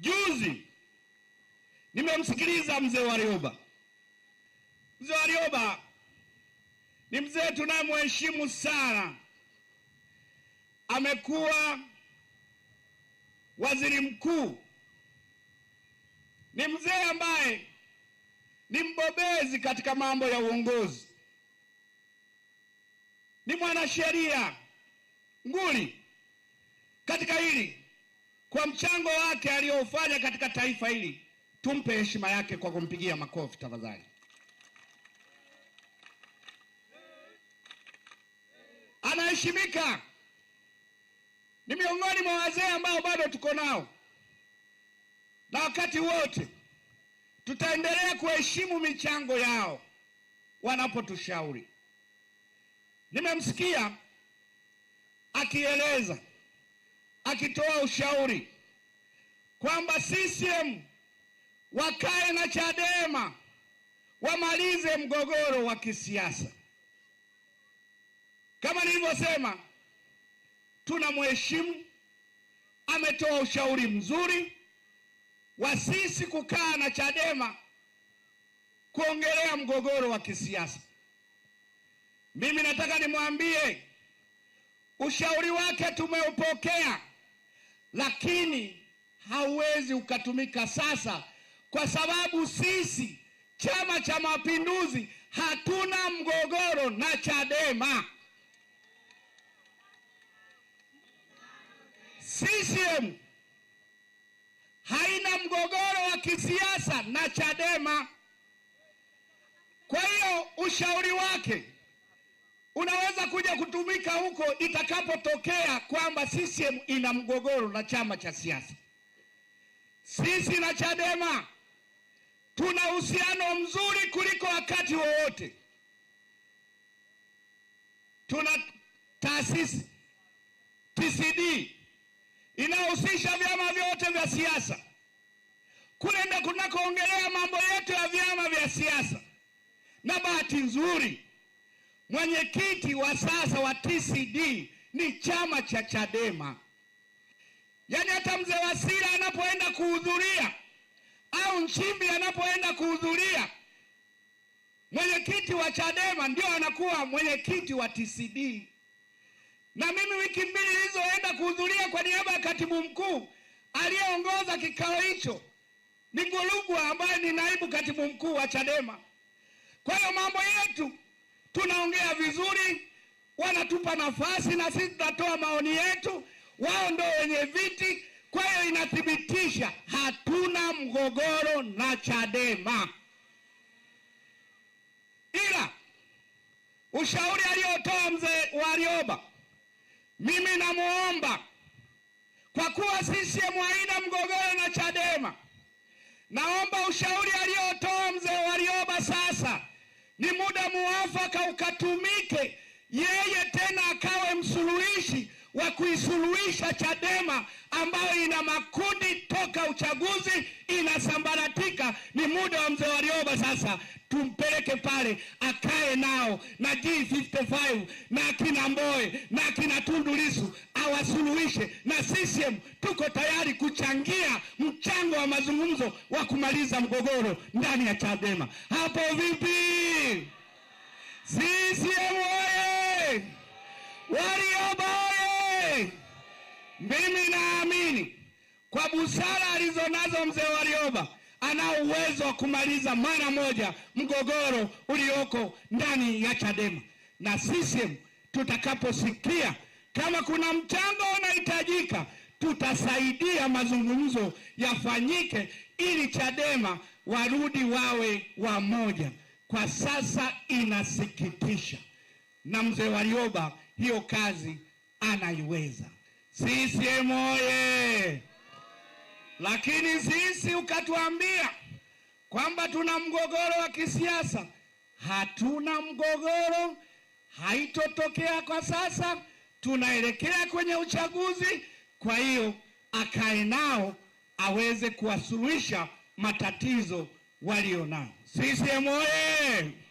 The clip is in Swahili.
Juzi nimemsikiliza mzee Warioba. Mzee Warioba ni mzee tunayemheshimu sana, amekuwa waziri mkuu, ni mzee ambaye ni mbobezi katika mambo ya uongozi, ni mwanasheria nguli katika hili kwa mchango wake aliyoufanya katika taifa hili. Tumpe heshima yake kwa kumpigia makofi tafadhali. Anaheshimika, ni miongoni mwa wazee ambao bado tuko nao, na wakati wote tutaendelea kuheshimu michango yao wanapotushauri. Nimemsikia akieleza akitoa ushauri kwamba CCM wakae na Chadema wamalize mgogoro wa kisiasa. Kama nilivyosema, tuna mheshimu ametoa ushauri mzuri wa sisi kukaa na Chadema kuongelea mgogoro wa kisiasa. Mimi nataka nimwambie ushauri wake tumeupokea lakini hauwezi ukatumika sasa, kwa sababu sisi Chama cha Mapinduzi hatuna mgogoro na Chadema. CCM haina mgogoro wa kisiasa na Chadema. Kwa hiyo ushauri wake unaweza kuja kutumika huko itakapotokea kwamba CCM ina mgogoro na chama cha siasa. Sisi na Chadema tuna uhusiano mzuri kuliko wakati wowote. Tuna taasisi TCD inayohusisha vyama vyote vya siasa, kule ndio kunakoongelea mambo yetu ya vyama vya siasa, na bahati nzuri Mwenyekiti wa sasa wa TCD ni chama cha Chadema. Yaani hata mzee Wasira anapoenda kuhudhuria au Nchimbi anapoenda kuhudhuria, mwenyekiti wa Chadema ndio anakuwa mwenyekiti wa TCD. Na mimi wiki mbili nilizoenda kuhudhuria kwa niaba ya katibu mkuu, aliyeongoza kikao hicho ni Ngulugwa ambaye ni naibu katibu mkuu wa Chadema. Kwa hiyo mambo yetu tunaongea vizuri, wanatupa nafasi na sisi tunatoa maoni yetu, wao ndio wenye viti. Kwa hiyo inathibitisha hatuna mgogoro na Chadema, ila ushauri aliotoa mzee Warioba, mimi namwomba kwa kuwa CCM haina mgogoro na Chadema, naomba ushauri aliyotoa mzee Warioba sasa ni muda muafaka sasa tumpeleke pale akae nao na G55 na akina Mboe na akina Tundu Lissu awasuluhishe, na CCM tuko tayari kuchangia mchango wa mazungumzo wa kumaliza mgogoro ndani ya Chadema. Hapo vipi? CCM oye! Warioba oye! Mimi naamini kwa busara alizonazo mzee Warioba anao uwezo wa kumaliza mara moja mgogoro ulioko ndani ya Chadema na CCM. Tutakaposikia kama kuna mchango unahitajika, tutasaidia mazungumzo yafanyike ili Chadema warudi wawe wamoja. Kwa sasa inasikitisha, na mzee Warioba hiyo kazi anaiweza. CCM oye! Lakini sisi ukatuambia kwamba tuna mgogoro wa kisiasa. Hatuna mgogoro, haitotokea kwa sasa, tunaelekea kwenye uchaguzi. Kwa hiyo akae nao aweze kuwasuluhisha matatizo walionao CCM oyee!